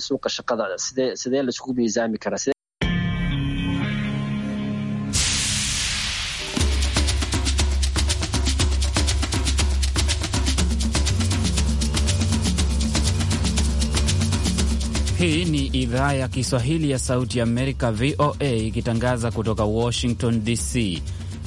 suuqa shaqada sidee sidee la isugu miisaami karaa sidee Hii ni idhaa ya Kiswahili ya Sauti ya Amerika, VOA, ikitangaza kutoka Washington DC.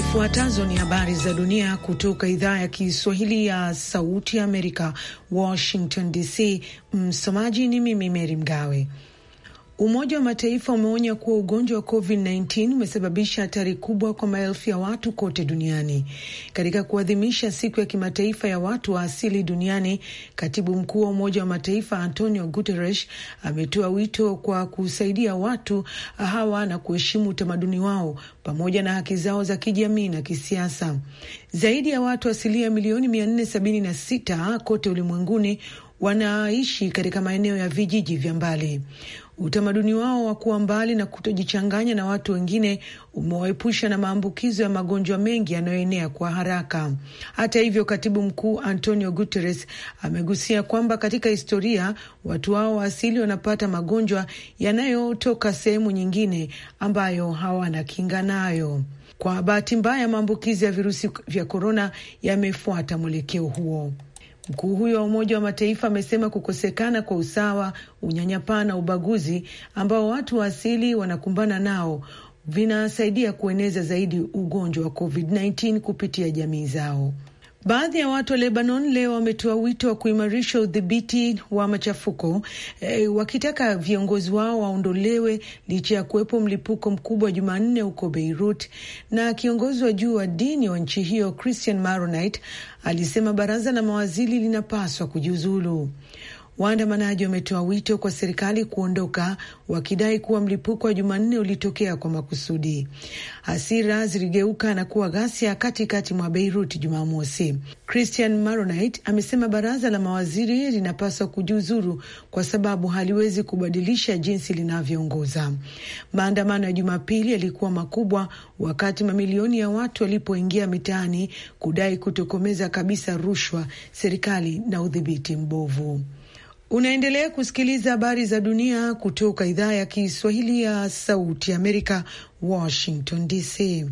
Zifuatazo ni habari za dunia kutoka idhaa ya Kiswahili ya Sauti ya Amerika, Washington DC. Msomaji ni mimi Meri Mgawe. Umoja wa Mataifa umeonya kuwa ugonjwa wa COVID-19 umesababisha hatari kubwa kwa maelfu ya watu kote duniani. Katika kuadhimisha siku ya kimataifa ya watu wa asili duniani, katibu mkuu wa Umoja wa Mataifa Antonio Guterres ametoa wito kwa kusaidia watu hawa na kuheshimu utamaduni wao pamoja na haki zao za kijamii na kisiasa. Zaidi ya watu asilia milioni 476 kote ulimwenguni wanaishi katika maeneo ya vijiji vya mbali. Utamaduni wao wa kuwa mbali na kutojichanganya na watu wengine umewaepusha na maambukizo ya magonjwa mengi yanayoenea kwa haraka. Hata hivyo, katibu mkuu Antonio Guterres amegusia kwamba katika historia watu hao wa asili wanapata magonjwa yanayotoka sehemu nyingine ambayo hawana kinga nayo. Kwa bahati mbaya, maambukizi ya virusi vya korona yamefuata mwelekeo huo. Mkuu huyo wa Umoja wa Mataifa amesema kukosekana kwa usawa, unyanyapaa na ubaguzi ambao watu wa asili wanakumbana nao vinasaidia kueneza zaidi ugonjwa wa COVID-19 kupitia jamii zao. Baadhi ya watu wa Lebanon leo wametoa wito wa kuimarisha udhibiti wa machafuko e, wakitaka viongozi wao waondolewe licha ya kuwepo mlipuko mkubwa Jumanne huko Beirut. Na kiongozi wa juu wa dini wa nchi hiyo Christian Maronite alisema baraza la mawaziri linapaswa kujiuzulu. Waandamanaji wametoa wito kwa serikali kuondoka, wakidai kuwa mlipuko wa Jumanne ulitokea kwa makusudi. Hasira ziligeuka na kuwa ghasia katikati mwa Beirut Jumamosi. Christian Maronite amesema baraza la mawaziri linapaswa kujiuzuru kwa sababu haliwezi kubadilisha jinsi linavyoongoza. Maandamano ya Jumapili yalikuwa makubwa wakati mamilioni ya watu walipoingia mitaani kudai kutokomeza kabisa rushwa, serikali na udhibiti mbovu. Unaendelea kusikiliza habari za dunia kutoka idhaa ya Kiswahili ya Sauti Amerika, Washington DC.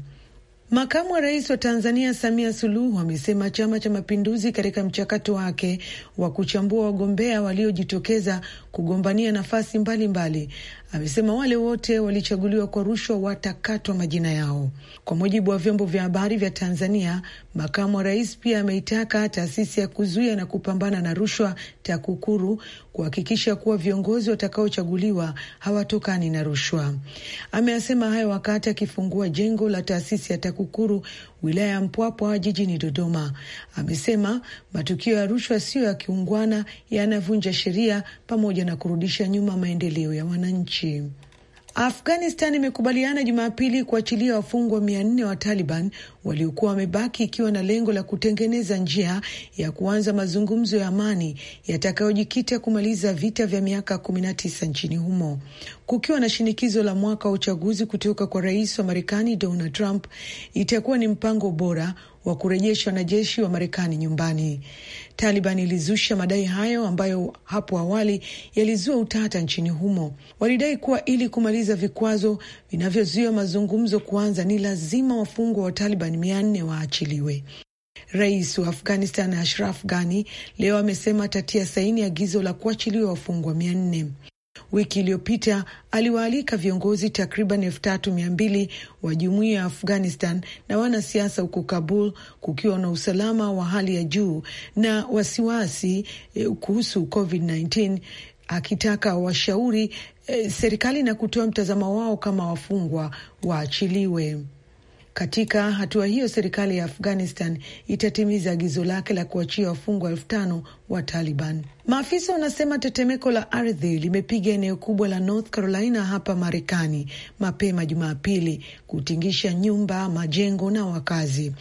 Makamu wa rais wa Tanzania Samia Suluhu amesema Chama cha Mapinduzi katika mchakato wake wa kuchambua wagombea waliojitokeza kugombania nafasi mbalimbali, amesema wale wote walichaguliwa kwa rushwa watakatwa majina yao, kwa mujibu wa vyombo vya habari vya Tanzania. Makamu wa rais pia ameitaka taasisi ya kuzuia na kupambana na rushwa TAKUKURU kuhakikisha kuwa viongozi watakaochaguliwa hawatokani na rushwa. Ameyasema hayo wakati akifungua jengo la taasisi ya Takukuru wilaya ya Mpwapwa jijini Dodoma amesema matukio ya rushwa siyo ya kiungwana yanavunja sheria pamoja na kurudisha nyuma maendeleo ya wananchi. Afghanistan imekubaliana Jumapili kuachilia wafungwa mia nne wa Taliban waliokuwa wamebaki ikiwa na lengo la kutengeneza njia ya kuanza mazungumzo ya amani yatakayojikita kumaliza vita vya miaka kumi na tisa nchini humo, kukiwa na shinikizo la mwaka wa uchaguzi kutoka kwa rais wa Marekani Donald Trump. Itakuwa ni mpango bora wa kurejesha wanajeshi wa Marekani nyumbani. Taliban ilizusha madai hayo ambayo hapo awali yalizua utata nchini humo. Walidai kuwa ili kumaliza vikwazo vinavyozuia mazungumzo kuanza, ni lazima wafungwa wa Taliban mia nne waachiliwe. Rais wa Afghanistan Ashraf Ghani leo amesema atatia saini agizo la kuachiliwa wafungwa mia nne. Wiki iliyopita aliwaalika viongozi takriban elfu tatu mia mbili wa jumuiya ya Afghanistan na wanasiasa huko Kabul, kukiwa na usalama wa hali ya juu na wasiwasi eh, kuhusu COVID-19 akitaka washauri eh, serikali na kutoa mtazamo wao kama wafungwa waachiliwe. Katika hatua hiyo, serikali ya Afghanistan itatimiza agizo lake la kuachia wafungwa elfu tano wa Taliban. Maafisa wanasema tetemeko la ardhi limepiga eneo kubwa la North Carolina hapa Marekani mapema Jumapili, kutingisha nyumba, majengo na wakazi.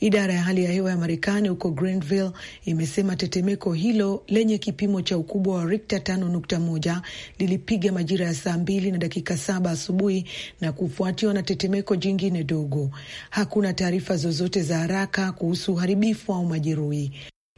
Idara ya hali ya hewa ya Marekani huko Greenville imesema tetemeko hilo lenye kipimo cha ukubwa wa Richter 5.1 lilipiga majira ya saa mbili na dakika saba asubuhi na kufuatiwa na tetemeko jingine dogo. Hakuna taarifa zozote za haraka kuhusu uharibifu au majeruhi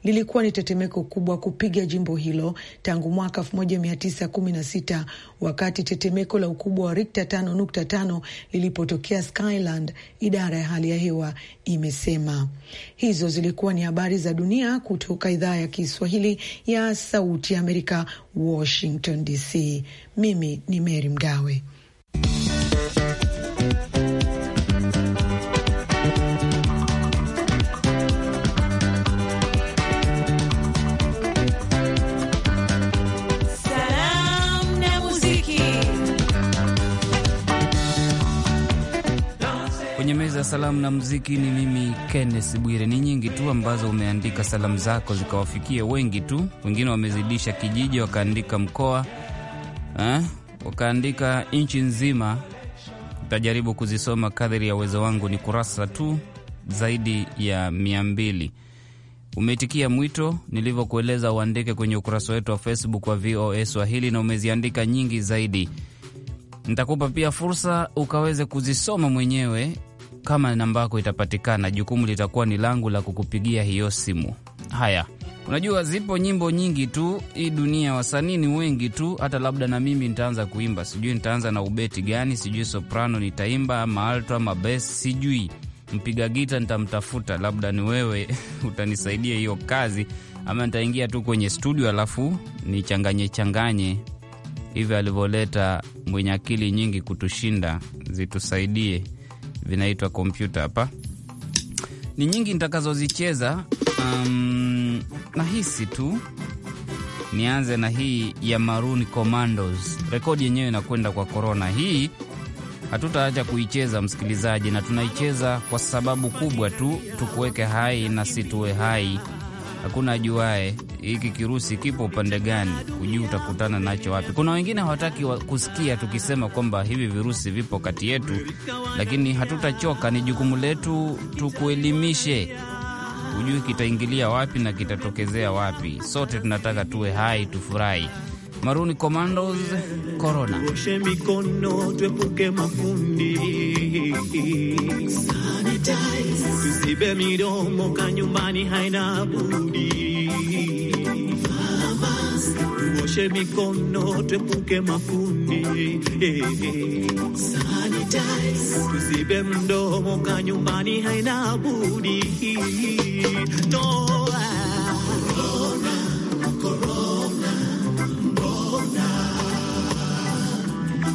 lilikuwa ni tetemeko kubwa kupiga jimbo hilo tangu mwaka 1916 wakati tetemeko la ukubwa wa Rikta 5.5 lilipotokea Skyland, idara ya hali ya hewa imesema. Hizo zilikuwa ni habari za dunia kutoka idhaa ya Kiswahili ya Sauti ya Amerika, Washington DC. Mimi ni Mary Mgawe. Kwenye meza ya salamu na mziki ni mimi Kennes Bwire. Ni nyingi tu ambazo umeandika salamu zako zikawafikia wengi tu, wengine wamezidisha kijiji, wakaandika mkoa eh, wakaandika nchi nzima. utajaribu kuzisoma kadhiri ya uwezo wangu, ni kurasa tu zaidi ya mia mbili. Umeitikia mwito nilivyokueleza uandike kwenye ukurasa wetu wa Facebook wa VOA Swahili na umeziandika nyingi zaidi. Nitakupa pia fursa ukaweze kuzisoma mwenyewe kama namba yako itapatikana, jukumu litakuwa ni langu la kukupigia hiyo simu. Haya, unajua zipo nyimbo nyingi tu hii dunia, wasanii ni wengi tu. Hata labda na mimi nitaanza kuimba, sijui nitaanza na ubeti gani, sijui soprano nitaimba ama alto ama bes, sijui mpiga gita nitamtafuta, labda ni wewe utanisaidia hiyo kazi, ama nitaingia tu kwenye studio alafu nichanganye changanye hivyo alivyoleta mwenye akili nyingi kutushinda zitusaidie vinaitwa kompyuta hapa, ni nyingi nitakazozicheza. Um, nahisi tu nianze na hii ya Maroon Commandos. Rekodi yenyewe inakwenda kwa korona Hii hatutaacha kuicheza msikilizaji, na tunaicheza kwa sababu kubwa tu tukuweke hai na situwe hai hakuna ajuae hiki kirusi kipo upande gani, hujui utakutana nacho wapi. Kuna wengine hawataki kusikia tukisema kwamba hivi virusi vipo kati yetu, lakini hatutachoka. Ni jukumu letu tukuelimishe, hujui kitaingilia wapi na kitatokezea wapi. Sote tunataka tuwe hai, tufurahi. Maruni Commandos, Corona. Tuoshe mikono, tuepuke mafundi, tusibe midomo, kanyumbani haina budi. mikono, tuepuke mafundi, tusibe mdomo, kanyumbani haina budi.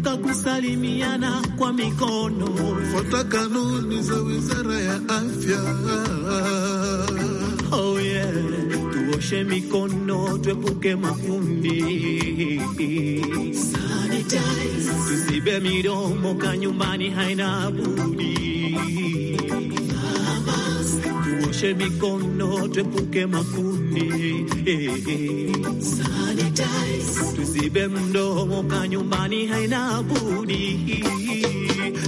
kuepuka kusalimiana kwa mikono. Fuata kanuni za Wizara ya Afya. Oh yeah, tuoshe mikono, tuepuke makundi, tusibe midomo, kanyumbani haina budi Tuoshe mikono, tuepuke makundi, tuzibe mdomo, ka nyumbani haina budi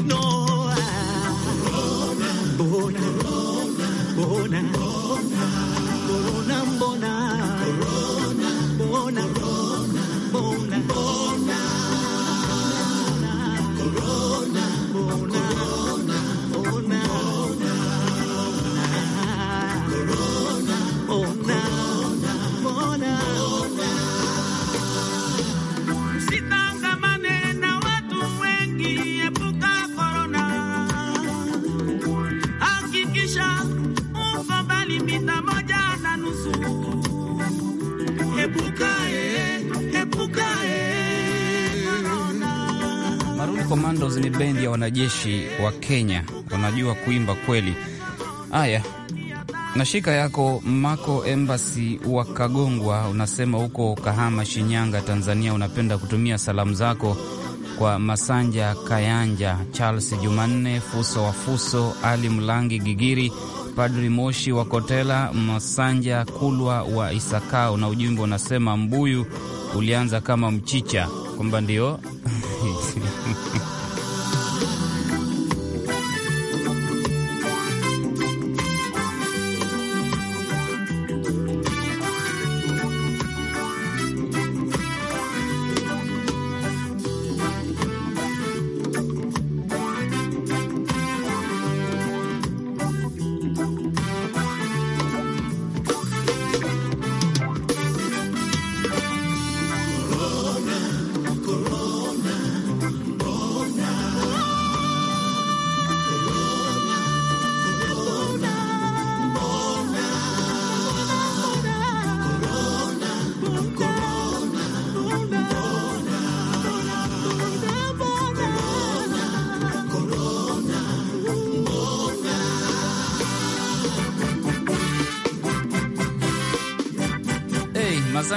no, bona bona bona bona mbona bendi ya wanajeshi wa Kenya wanajua kuimba kweli. Haya, na shika yako Mako Embassy wa Kagongwa, unasema huko Kahama, Shinyanga, Tanzania, unapenda kutumia salamu zako kwa Masanja Kayanja, Charles Jumanne, Fuso wa Fuso, Ali Mlangi Gigiri, Padri Moshi wa Kotela, Masanja Kulwa wa Isakao, na ujumbe unasema mbuyu ulianza kama mchicha, kwamba ndio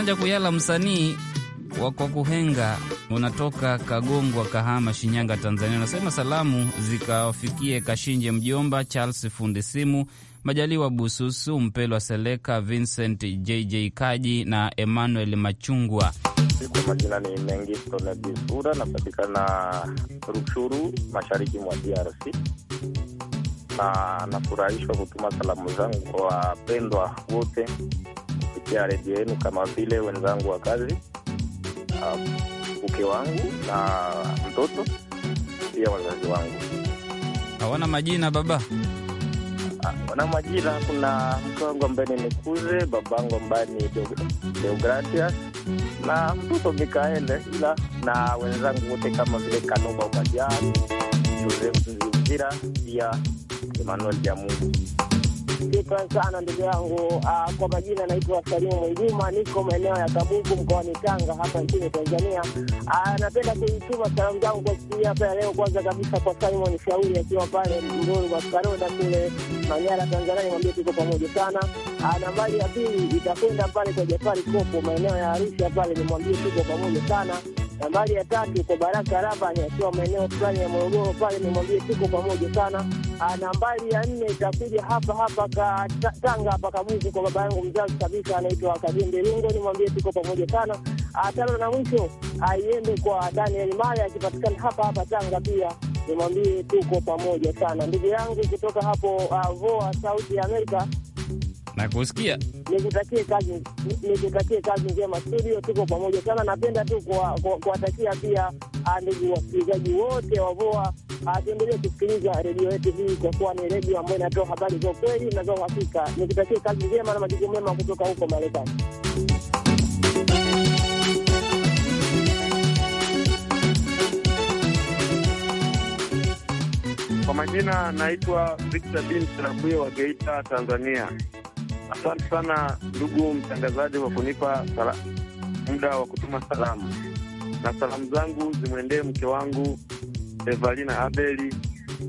Kiwanja Kuyala, msanii wa kwa kuhenga unatoka Kagongwa, Kahama, Shinyanga, Tanzania, unasema salamu zikawafikie Kashinje Mjomba, Charles Fundi Simu, Majaliwa Bususu, Mpelwa Seleka, Vincent JJ Kaji na Emmanuel Machungwa. Kwa majina ni Mengi Sura, napatikana Rushuru, mashariki mwa DRC na nafurahishwa kutuma salamu zangu kwa wapendwa wote kupitia redio yenu, kama vile wenzangu wa kazi, um, mke wangu na mtoto pia wazazi wangu. Hawana majina baba? Ah, Wana majina, kuna mke wangu ambaye ni Mikuze, babangu ambaye ni Deogratias na mtoto Mikaele, ila na wenzangu wote kama vile Kanoba Umajani, Joseph Nzivira, pia Emmanuel Jamungu. Shukran sana ndugu yangu. Ah, kwa majina naitwa Salimu Mwinguma, niko maeneo ya Kabuku mkoani Tanga hapa nchini Tanzania. Ah, napenda kuituma salamu zangu kwa siku hapa ya leo, kwanza kabisa kwa Simon Shauri akiwa pale Mduru kwa Karoda kule Manyara, Tanzania, mwambie tuko pamoja sana. Ah, nambari ya pili itakwenda pale kwa Jafari Kopo maeneo ya Arusha pale, nimwambie tuko pamoja sana. Nambari ya tatu kwa Baraka Rabani akiwa maeneo fulani ya Morogoro pale, nimwambie tuko pamoja sana. Ah, nambari ya nne itakuja hapa hapa Tanga hapa Kamuzi kwa baba yangu mzazi kabisa, anaitwa Kajembe Lungo. Nimwambie tuko pamoja sana. Ah, tano na mwisho aiende ah, kwa Daniel Male, akipatikana hapa hapa Tanga pia nimwambie tuko pamoja sana, ndugu yangu kutoka hapo uh, VOA Sauti ya Amerika na kusikia. nikutakie kazi, nijipatie kazi njema. Studio tuko pamoja sana. Napenda tu kuwatakia pia ah, ndugu wasikilizaji wote wa VOA, ah, tuendelee kusikiliza redio yetu hii kwa kuwa ni redio ambayo inatoa habari za ukweli na za uhakika. Nikutakie kazi njema na majibu mema kutoka huko Marekani. Kwa majina naitwa Victor bin Sarabue wa Geita, Tanzania. Asante sana ndugu mtangazaji kwa kunipa muda wa kutuma salamu, na salamu zangu zimwendee mke wangu Evalina Abeli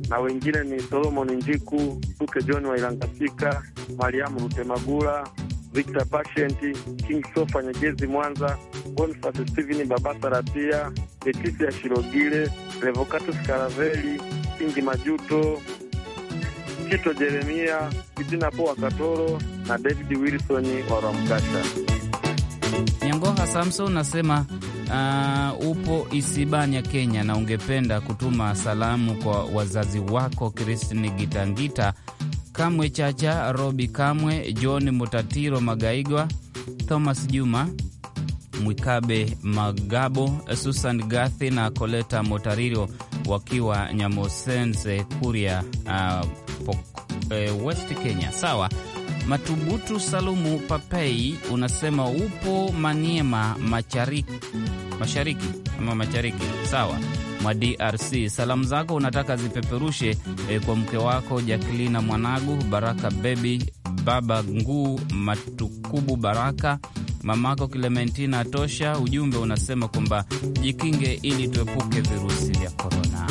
na wengine ni Solomon Njiku, Tuke John wa Ilangasika, Mariamu Rutemagula, Victor Patient, King Sofa Nyegezi Mwanza, Bonifas Steven Babasa Rapia, ya Shirogile, Revocatus Karaveli, Kingi Majuto Kito Jeremia, Kitina Poa Katoro na David Wilson wa Ramkasha. Nyangoha Samson nasema uh, upo Isibanya, Kenya, na ungependa kutuma salamu kwa wazazi wako Kristini Gitangita Kamwe, Chacha Robi Kamwe, John Mutatiro Magaigwa, Thomas Juma Mwikabe Magabo, Susan Gathi na Koleta Motariro wakiwa Nyamosense Kuria, uh, eh, West Kenya. Sawa. Matubutu Salumu Papei unasema upo Maniema mashariki, mashariki ama mashariki, sawa mwa DRC. Salamu zako unataka zipeperushe eh, kwa mke wako Jaklina Mwanagu, Baraka Bebi, Baba Nguu Matukubu, Baraka mamako Clementina Atosha. Ujumbe unasema kwamba jikinge ili tuepuke virusi vya korona.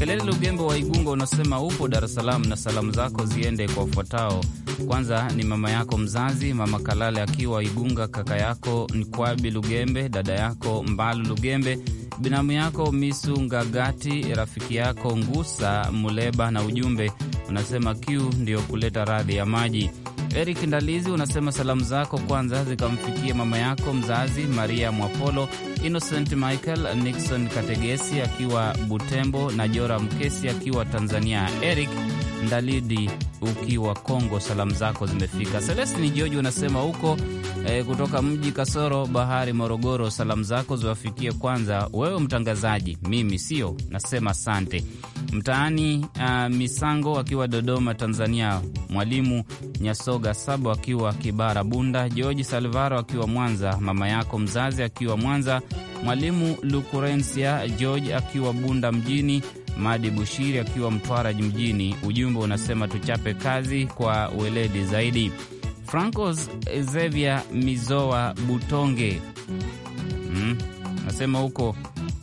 Kelele Lugembe wa Igunga unasema upo Dar es Salaam na salamu zako ziende kwa ufuatao. Kwanza ni mama yako mzazi, Mama Kalale akiwa Igunga, kaka yako Nkwabi Lugembe, dada yako Mbalu Lugembe, binamu yako Misu Ngagati, rafiki yako Ngusa Muleba, na ujumbe unasema kiu ndiyo kuleta radhi ya maji. Eric Ndalizi unasema salamu zako kwanza zikamfikia mama yako mzazi Maria Mwapolo, Innocent Michael Nixon Kategesi akiwa Butembo na Jora Mkesi akiwa Tanzania. Eric Ndalidi ukiwa Kongo, salamu zako zimefika. Selestini Joji unasema huko e, kutoka mji kasoro bahari Morogoro, salamu zako ziwafikie kwanza wewe mtangazaji, mimi sio nasema asante. Mtaani uh, Misango akiwa Dodoma Tanzania, Mwalimu Nyasoga Sabo akiwa Kibara Bunda, George Salvaro akiwa Mwanza, mama yako mzazi akiwa Mwanza, Mwalimu Lukurensia George akiwa Bunda mjini Madi Bushiri akiwa Mtwara mjini. Ujumbe unasema tuchape kazi kwa weledi zaidi. Francos Xavier Mizoa Butonge hmm, nasema huko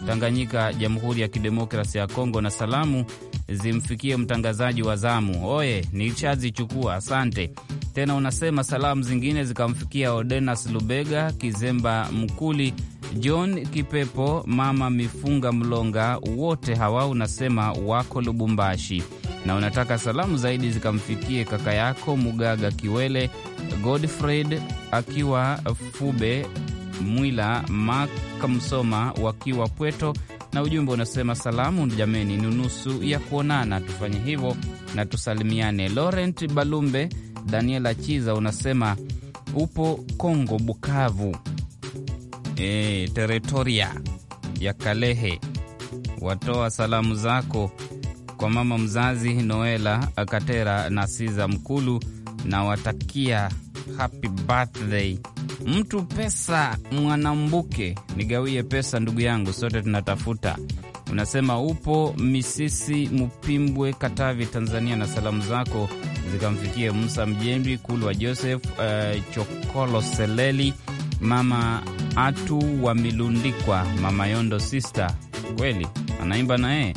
Tanganyika, Jamhuri ya Kidemokrasi ya Kongo, na salamu zimfikie mtangazaji wa zamu. Oye, nishazichukua asante. Tena unasema salamu zingine zikamfikia Odenas Lubega Kizemba Mkuli John Kipepo, mama Mifunga Mlonga, wote hawa unasema wako Lubumbashi na unataka salamu zaidi zikamfikie kaka yako Mugaga Kiwele, Godfred akiwa Fube, Mwila mak msoma wakiwa Pweto, na ujumbe unasema salamu jameni, ni nusu ya kuonana, tufanye hivyo na tusalimiane. Laurent Balumbe Daniela Chiza unasema upo Kongo Bukavu e, teritoria ya Kalehe watoa salamu zako kwa mama mzazi Noela Akatera na Siza Mkulu, na watakia happy birthday. Mtu pesa Mwanambuke, nigawie pesa ndugu yangu, sote tunatafuta. Unasema upo Misisi Mupimbwe, Katavi, Tanzania, na salamu zako zikamfikie Musa Mjembi, Kulwa Joseph, uh, Chokolo Seleli, mama Atu Mama Mamayondo Sister, kweli anaimba naye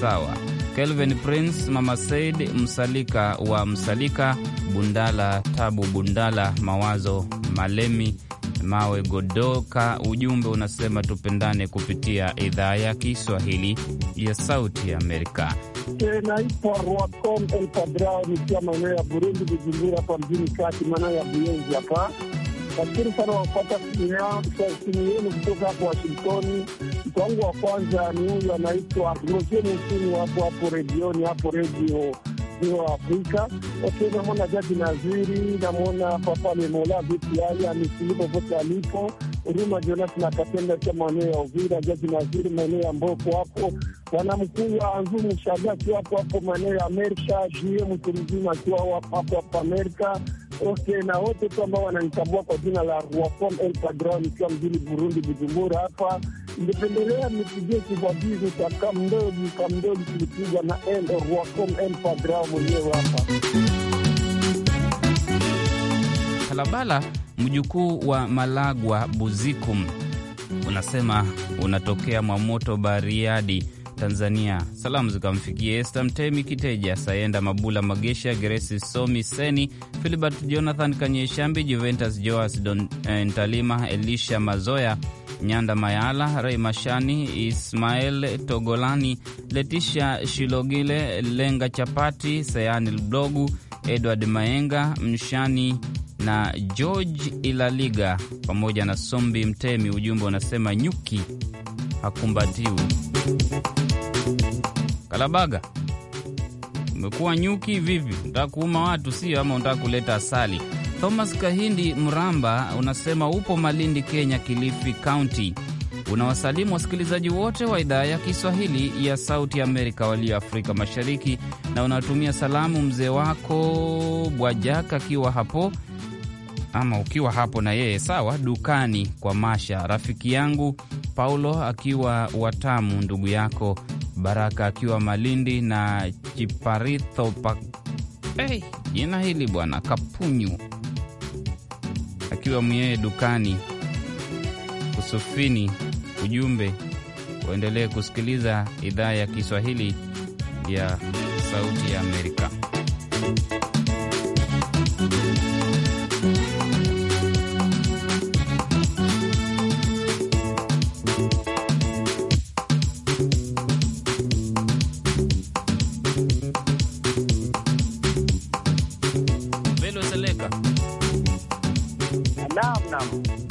sawa. Kelvin Prince, Mama Said Msalika wa Msalika, Bundala Tabu Bundala, Mawazo Malemi Mawe Godoka. Ujumbe unasema tupendane kupitia idhaa ya Kiswahili ya Sauti ya Amerika. Eh, naitwa Rwacom El Padra nikiwa maeneo ya Burundi, Bujumbura hapa mjini kati, maeneo ya Buyenzi hapa Nashukuru sana wapata simu yenu kutoka hapo Washingtoni. Mtu wangu wa kwanza ni huyu anaitwa Grozeni Msini, wapo hapo redioni hapo redio Ziwa Afrika. Okay, namwona Jaji Naziri, namwona Papa Lemola Vitiali amesilipo pote alipo Huruma Jonas na Katenda cha maeneo ya Uvira, jaji Naziri maeneo ya Mboko hapo, bwana mkuu wa Anzumu Shaga akiwa hapo hapo maeneo ya Amerika, Jue mtu mzima akiwa hapo hapo Amerika. Okay, na wote tu ambao wananitambua kwa jina la Ruafom El Padron ikiwa mjini Burundi, Bujumbura hapa. Ningependelea nipigie kibwagizo cha kamdoji kamdoji kilipigwa na El El Padron mwenyewe hapa Kalabala mjukuu wa Malagwa Buzikum, unasema unatokea Mwamoto Bariadi, Tanzania. Salamu zikamfikia Esta Mtemi Kiteja, Sayenda Mabula, Magesha Geresi, Somi Seni, Filibert Jonathan Kanyeshambi, Juventus Joas eh, Ntalima, Elisha Mazoya, Nyanda Mayala, Rei Mashani, Ismael Togolani, Letisha Shilogile, Lenga Chapati, Sayani Blogu Edward Maenga Mshani na George Ilaliga pamoja na Sombi Mtemi. Ujumbe unasema nyuki hakumbatiwi. Kalabaga, umekuwa nyuki vipi? Unataka kuuma watu sio, ama unataka kuleta asali? Thomas Kahindi Mramba unasema upo Malindi, Kenya, Kilifi Kaunti unawasalimu wasikilizaji wote wa idhaa ya Kiswahili ya Sauti Amerika walio Afrika Mashariki, na unatumia salamu mzee wako Bwajaka akiwa hapo ama ukiwa hapo na yeye sawa, dukani kwa Masha, rafiki yangu Paulo akiwa Watamu, ndugu yako Baraka akiwa Malindi na Chiparitho pa... hey, eh, jina hili bwana Kapunyu akiwa myeye dukani Kusufini ujumbe waendelee kusikiliza idhaa ya Kiswahili ya Sauti ya Amerika.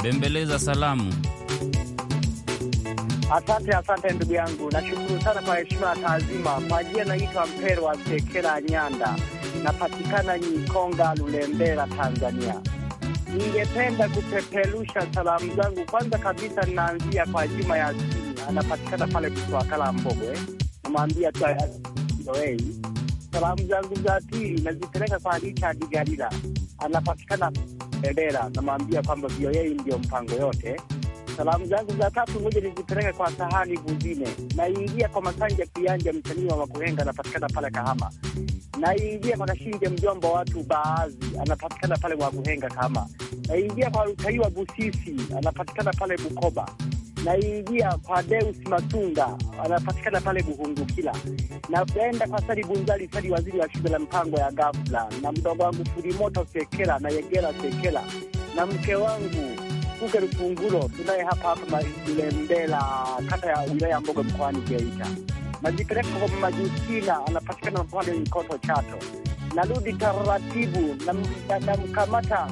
Bembeleza salamu Asante, asante ndugu yangu, nashukuru sana kwa heshima ya taazima. Kwa jina naitwa wa Sekela Nyanda, napatikana Nyikonga, Lulembela, Tanzania. Ningependa kupeperusha salamu zangu. Kwanza kabisa, ninaanzia kwa Juma Yasini, anapatikana pale Kuswakala Mbogwe, eh. namwambia tu oei. Salamu zangu za pili nazipeleka kwa Richard Galila, anapatikana Bendera, namwambia kwamba VOA ndio mpango yote Salamu zangu za tatu moja nizipeleke kwa sahani vuzine, Naingia kwa Masanja Kianja, msanii wa Makuhenga, anapatikana pale Kahama. Naingia kwa Kashinja, mjomba watu baadhi, anapatikana pale Mwakuhenga Kahama. Naingia kwa Rutaiwa Busisi, anapatikana pale Bukoba Naingia kwa Deus Matunga anapatikana pale Buhungukila. Naenda kwa Sali Bunzali Sali, waziri wa shule la mpango ya ghafla, na mdogo wangu Fulimoto Sekela na Yegela Sekela na mke wangu Kuke Rufungulo tunaye hapa hapa Mlembela, kata ya wilaya ya Mboga mkoani Geita. Majipeleka kwa Majusila anapatikana pale mkoto Chato. Narudi taratibu namkamata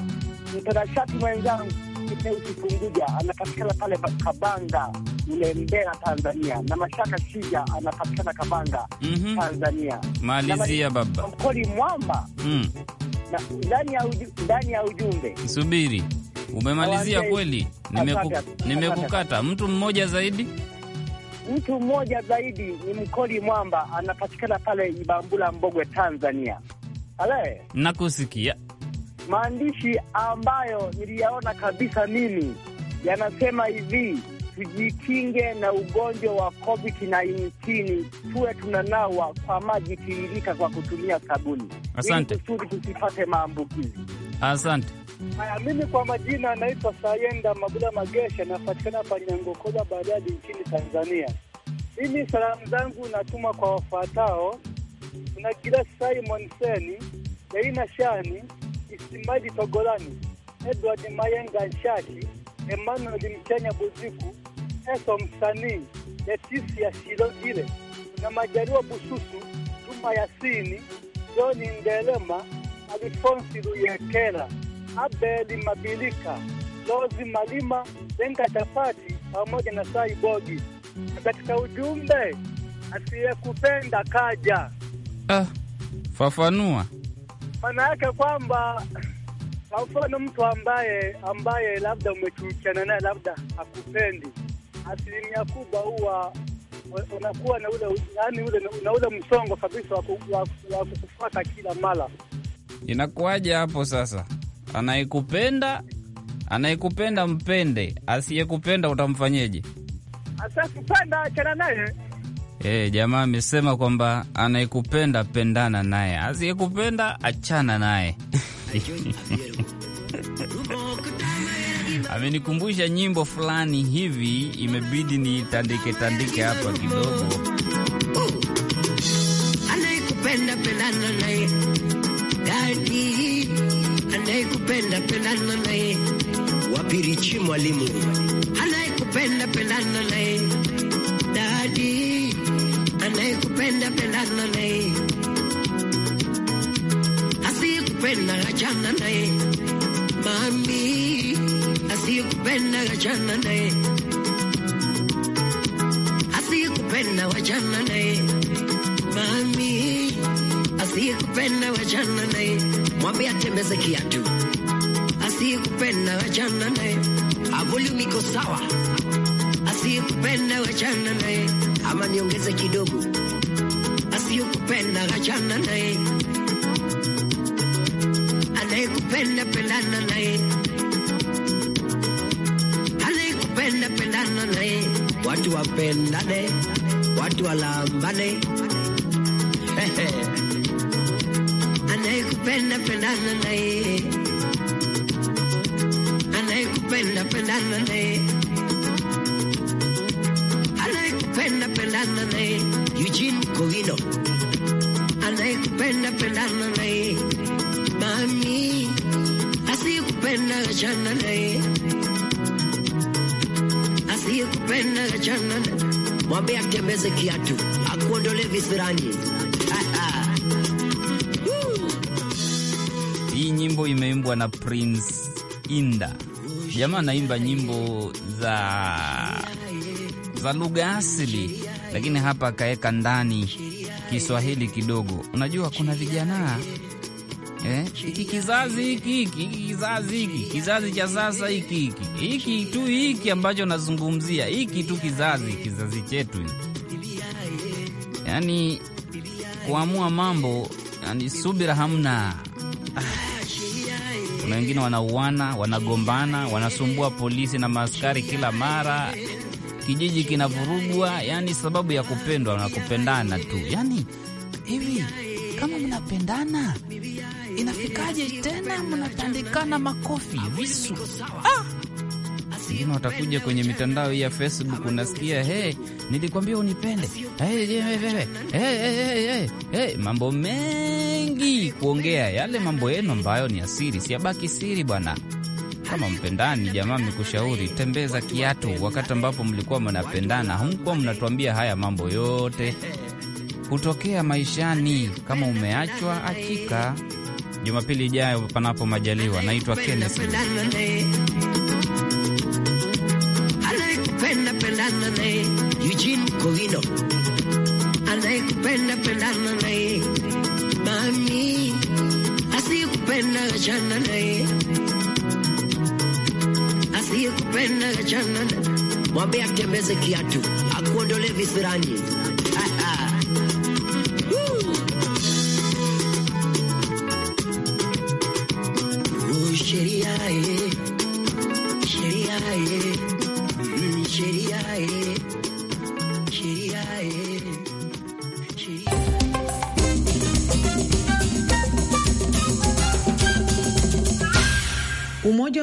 mtanashati mwenzangu Kiteusi Punguja anapatikana pale Kabanga Mlembela, Tanzania na Mashaka Shija anapatikana Kabanga mm -hmm. Tanzania. Malizia baba Mkoli Mwamba mm. ndani ya ujumbe subiri Umemalizia kweli, nimekukata. Mtu mmoja zaidi, mtu mmoja zaidi ni Mkoli Mwamba, anapatikana pale Ibambula, Mbogwe, Tanzania. Ale, nakusikia. Maandishi ambayo niliyaona kabisa mimi yanasema hivi: tujikinge na ugonjwa wa COVID-19, tuwe tunanawa kwa maji tiririka kwa kutumia sabuni, ili kusudi tusipate maambukizi. Asante. Haya, mimi kwa majina naitwa Sayenda magula Magesha, napatikana hapa Nyangokola Bariadi nchini Tanzania. Mimi salamu zangu natuma kwa wafuatao: kuna Gilasi Simon Seni, Leina Shani, Isimaji Togolani, Edward Mayenga Nshaki, Emmanuel Mchanya Buziku, Eso Msanii, Letisia Shilogile, kuna Majaliwa Bususu, Juma Yasini, Joni Ndelema, Alifonsi Luyekela Abel Mabilika, Lozi Malima Zenga Tafati pamoja na Sai Bogi. Katika ujumbe, asiyekupenda kaja. Ah, fafanua maana yake kwamba kwa mfano mtu ambaye ambaye labda umechukiana naye labda hakupendi, asilimia kubwa huwa unakuwa na ule yaani ule na ule msongo kabisa wa kukufaka kila mara. Inakuwaje hapo sasa? Anayekupenda anayekupenda mpende, asiyekupenda utamfanyeje? Asiyekupenda achana naye. Hey, eh, jamaa amesema kwamba anayekupenda pendana naye, asiyekupenda achana naye. Amenikumbusha nyimbo fulani hivi, imebidi nitandike tandike hapa kidogo. Anayekupenda pendana naye Mchungaji anayekupenda pendana naye. Wapirichi mwalimu anayekupenda pendana naye. Dadi anayekupenda pendana naye, asiyekupenda achana naye. Mami asiyekupenda achana naye, asiyekupenda wachana naye asikupenda wachana naye, mwambie atembeze kiatu. Asikupenda wachana naye, avulimiko sawa. Asikupenda wachana naye, ama niongeze kidogo. Asikupenda wachana naye, anayekupenda pendana naye, anayekupenda pendana naye, watu wapendane, watu walambane anayekupenda pendana na yeye, anayekupenda pendana na anayekupenda pendana na Eugene Kogino anayekupenda pendana na mami asiyekupenda achana na asiyekupenda achana na mwambie atembeze kiatu, akuondole visirani nyimbo imeimbwa na Prince Inda. Jamaa anaimba nyimbo za za lugha asili, lakini hapa akaweka ndani Kiswahili kidogo. Unajua kuna vijana hiki eh, kizazi hiki hiki kizazi hiki kizazi cha sasa hiki hiki hiki tu hiki ambacho nazungumzia hiki tu kizazi kizazi chetu, yani kuamua mambo, yani subira hamna kuna wengine wanauana, wanagombana, wanasumbua polisi na maaskari kila mara, kijiji kinavurugwa, yani sababu ya kupendwa na kupendana tu. Yani hivi kama mnapendana, inafikaje tena mnatandikana makofi, visu ah! wengine watakuja kwenye mitandao hii ya Facebook, unasikia hey, nilikwambia unipende hey, hey, hey, hey, hey, hey, mambo mengi kuongea. Yale mambo yenu ambayo ni asiri siabaki siri bwana. Kama mpendani jamaa, mikushauri tembeza kiatu. Wakati ambapo mlikuwa mnapendana, hamkuwa mnatuambia haya mambo yote hutokea maishani. Kama umeachwa achika. Jumapili ijayo, panapo majaliwa. Naitwa Kenneth anayekupenda pendana naye Eugene Colino, anayekupenda pendana naye mami, asiyekupenda achana naye, asiyekupenda achana, mwambie atembeze kiatu, akuondole visirani.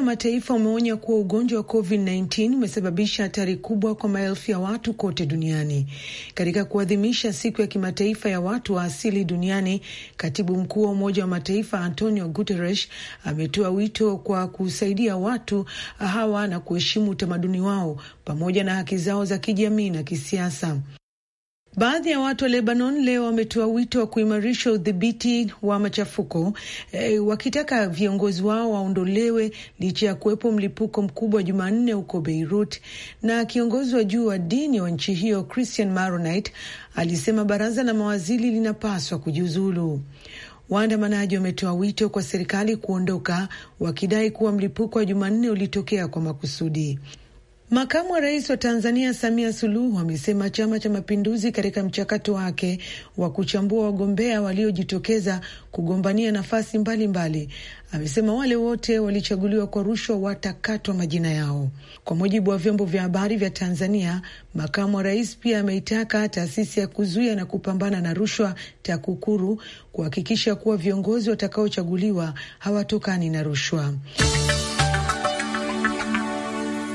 Mataifa umeonya kuwa ugonjwa wa COVID-19 umesababisha hatari kubwa kwa maelfu ya watu kote duniani. Katika kuadhimisha siku ya kimataifa ya watu wa asili duniani, katibu mkuu wa Umoja wa Mataifa Antonio Guterres ametoa wito kwa kusaidia watu hawa na kuheshimu utamaduni wao pamoja na haki zao za kijamii na kisiasa. Baadhi ya watu wa Lebanon leo wametoa wito wa kuimarisha udhibiti wa machafuko e, wakitaka viongozi wao waondolewe licha ya kuwepo mlipuko mkubwa Jumanne huko Beirut. Na kiongozi wa juu wa dini wa nchi hiyo Christian Maronite alisema baraza la mawaziri linapaswa kujiuzulu. Waandamanaji wametoa wito kwa serikali kuondoka, wakidai kuwa mlipuko wa Jumanne ulitokea kwa makusudi. Makamu wa rais wa Tanzania Samia Suluhu amesema Chama cha Mapinduzi katika mchakato wake wa kuchambua wagombea waliojitokeza kugombania nafasi mbalimbali, amesema wale wote walichaguliwa kwa rushwa watakatwa majina yao. Kwa mujibu wa vyombo vya habari vya Tanzania, makamu wa rais pia ameitaka taasisi ya kuzuia na kupambana na rushwa TAKUKURU kuhakikisha kuwa viongozi watakaochaguliwa hawatokani na rushwa.